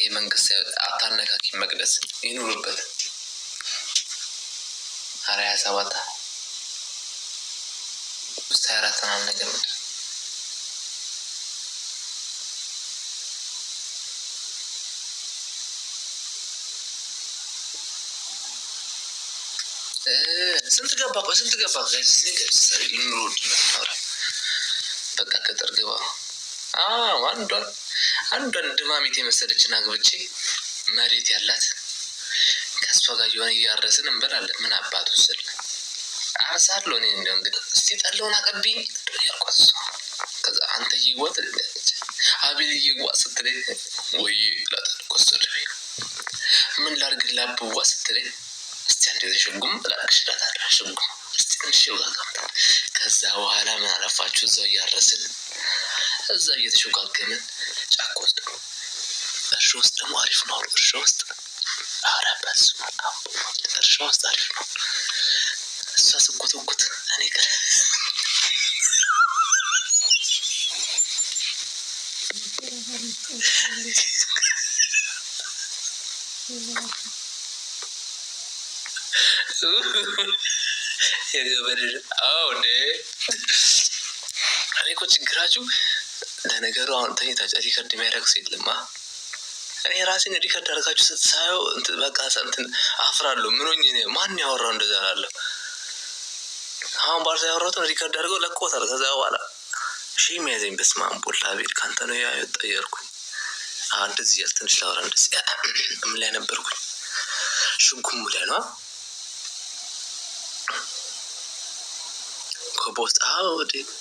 ይህ መንግስት አታነካኪ መቅደስ ይኑሩበት። አርያ ሰባት ውስጥ ሀያ አራት ናል ነገር ምድ ስንት ገባ? ቆይ ስንት ገባ? ልኑሮ በቃ ገጠር ገባ አንዷል አንዷን ድማሚት የመሰለችን አግብቼ መሬት ያላት ከእሷ ጋር የሆነ እያረስን እንበላለን። ምን አባት ውስል አርሳለሁ እኔ እንደው እንግዲህ እስቲ ጠለውን አቀቢ ያልኳት እሷ ከዛ አንተ ይዋት አቤል እየዋ ስትለኝ ወይ ላታል ቆስር ምን ላርግ ላብዋ ስትለኝ እስቲ አንዴ ሽጉም ብላለች ላታል ሽጉም እስቲ ትንሽ ይውጋ ከዛ በኋላ ምን አለፋችሁ እዛው እያረስን ከዛ እየተሸጋገምን ጫካ ውስጥ ነው። እርሻ ውስጥ ደግሞ አሪፍ ነው። እርሻ ውስጥ አረ በስመ አብ እርሻ ውስጥ አሪፍ ነው። እሷ ስንኮተንኩት እኔ ግን የገበሬ አዎ እኔ እኮ ችግራችሁ ለነገሩ አሁን ሪከርድ የሚያደርግ ሰው የለም። እኔ ራሴን ሪከርድ አድርጋችሁ ስትሳየው በቃ እንትን አፍራለሁ። ምኖኝ ማን ያወራው እንደዛ ላለሁ አሁን ባርሳ ያወራሁትን ሪከርድ አድርገው ለቆታል። ከዛ በኋላ ሺ ሚያዘኝ በስማን ቦላ ቤድ ከአንተ ነው ያ ጠየርኩኝ። እንደዚህ ያል ትንሽ ላወራ እንደዚህ ምን ላይ ነበርኩኝ? ሽጉሙ ላይ ነው ኮቦስ አዎ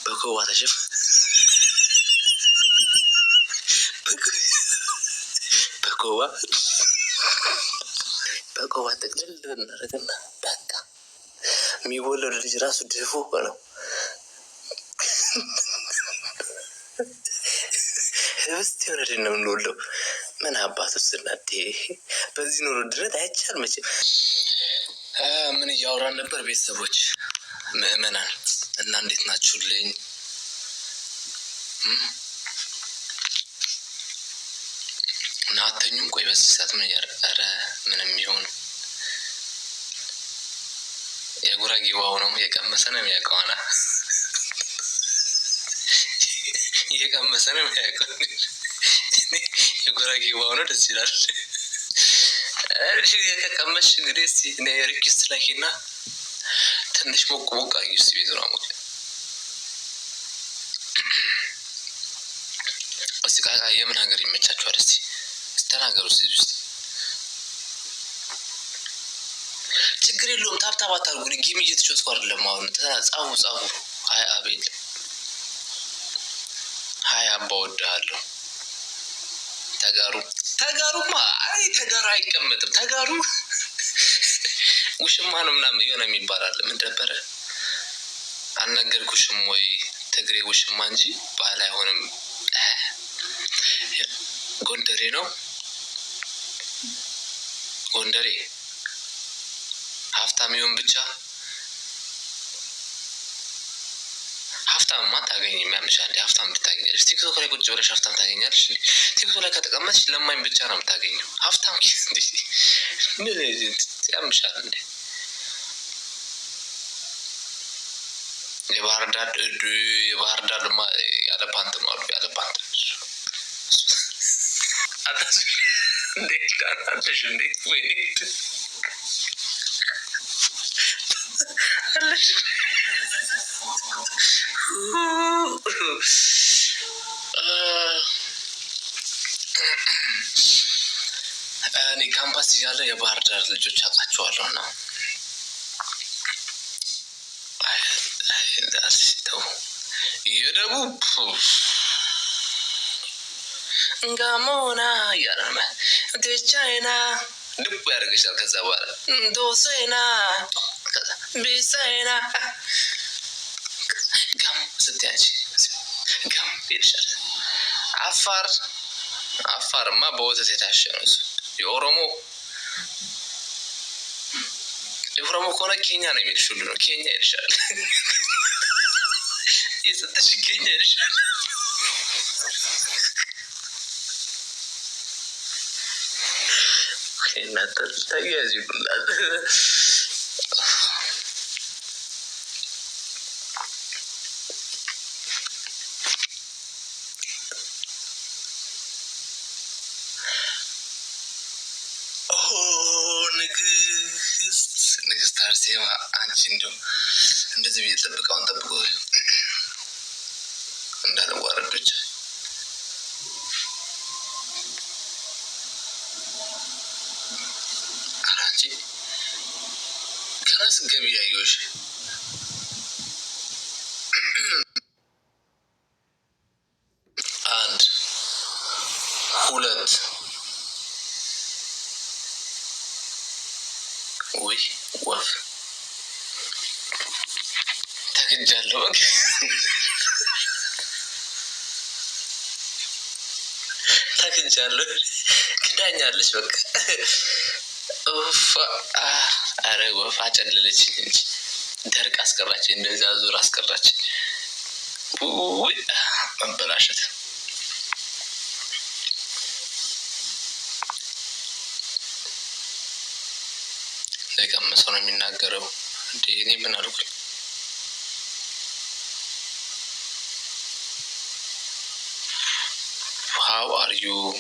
በኮባ ተሸፍ በኮባ በኮባ ጥቅልል እናደርግና በቃ የሚወለዱ ልጅ ራሱ ድፎ ነው። ህብስት የሆነ ነው እንወለው። ምን አባት ስናት በዚህ ኑሮ ድነት አይቻል። መቼም ምን እያወራን ነበር? ቤተሰቦች ምእመናን እና እንዴት ናችሁልኝ? እና አተኙም? ቆይ በዚህ ሰዓት ምን ያር ምንም ይሆን የጉራጌ ዋው ነው እየቀመሰ ነው የሚያውቀው እየቀመሰ ነው የሚያውቀው የጉራጌ ዋው ነው ደስ ይላል። እሺ ከቀመሽ እንግዲህ እስቲ ሪክስት ላይ ሂና ትንሽ ሞቅ ሞቅ አዩ ስ ቤት ነው ሞቅ እስቲ ቃቃ የምን ሀገር ይመቻችኋል እስቲ ነገር ውስጥ ውስጥ ችግር የለውም። ታብታብ አታርጉ። ጌም እየተጫወትኩ አይደለም። አሁን ጻፉ ጻፉ። ሀይ አቤል ሀይ አባ ወድሃለሁ። ተጋሩ ተጋሩማ፣ አይ ተጋሩ አይቀመጥም። ተጋሩ ውሽማ ነው ምናምን የሆነ የሚባል አለ። ምን ነበረ አልነገርኩሽም ወይ? ትግሬ ውሽማ እንጂ ባህል አይሆንም። ጎንደሬ ነው። ጎንደሬ ሀብታም ይሁን ብቻ ሀብታም ታገኝ የሚያምሻ ያምሻል። ሀብታም ብታገኛለች ቲክቶክ ላይ ቁጭ ብለሽ ሀብታም ታገኛለች። ቲክቶክ ላይ ከተቀመጥሽ ለማኝ ብቻ ነው የምታገኘው። ሀብታም ያምሻል እንዴ? የባህር ዳር የባህር ዳር ያለ ፓንት አታስ እንዴት ዳናለሽ? አለሽ እኔ ካምፓስ እያለ የባህር ዳር ልጆች አውቃቸዋለሁ እና የደቡብ ጋሞና እያለ ቻይና ድቡ ያደርገሻል። ከዛ በኋላ ዶሴና ቢሳይና ጋሞ ስትያች ጋሞ ይልሻል። አፋር አፋርማ በወተት የታሸ ነው። የኦሮሞ የኦሮሞ ከሆነ ኬኛ ነው የሚልሽ ሁሉ ነው። ኬኛ ይልሻል። የሰጠሽ ኬኛ ይልሻል። ተያያዙላት። ንግስት ንግስት አርሴማ አንቺ እንዲሁም እንደዚህ ብዬ ጠብቀውን ጠብቆ አንቺ ከራስ ገቢ ያየሽ አንድ ሁለት ወይ ወፍ ተክጃለሁ። ተክጃለሁ። ክዳኛለች በቃ አረ ወፍ ጨለለች እንጂ ደርቅ አስቀራች፣ እንደዛ ዙር አስቀራች። መበላሸት ለቀመሰው ነው የሚናገረው። እንደ እኔ ምን አልኩኝ? ሀው አር ዩ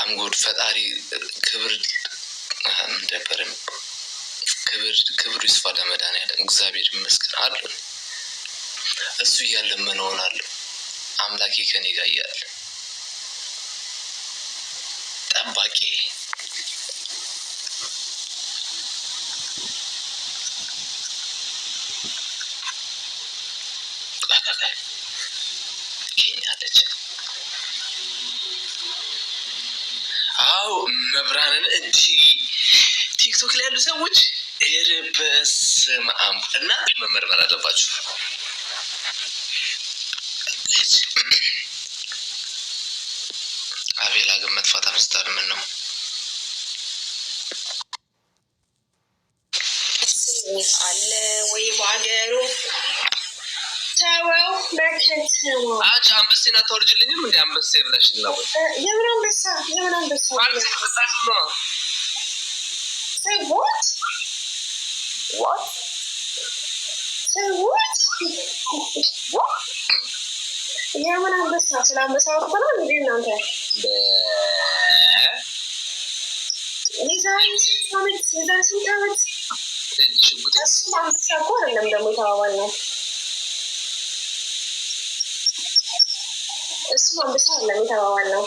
አምጎድ ፈጣሪ ክብር ምንደበር ክብር ክብሩ ይስፋ ለመድኃኒዓለም እግዚአብሔር ይመስገን አለው። እሱ እያለ ምን እሆናለሁ? አምላኬ ከኔ ጋር እያለ ጠባቂ መብራንን እንዲ ቲክቶክ ላይ ያሉ ሰዎች ርበስም አምቡ እና መመርመር አለባችሁ። አቤላ ግን መጥፋት አምስታል። ምን ነው አለ ወይ በሀገሩ ተወው። በከተማ አንበሴን አታወርጅልኝም እንዲ አንበሴ ብለሽ ነው የምን አንበሳ that's የምን አንበሳ? ስለ አንበሳ ወርበና እንዴ እናንተ የዛሬ ስንት ዓመት የዛሬ ስንት ዓመት እሱ አንበሳ እኮ አይደለም ደግሞ የተባባል ነው እሱ አንበሳ አይደለም የተባባል ነው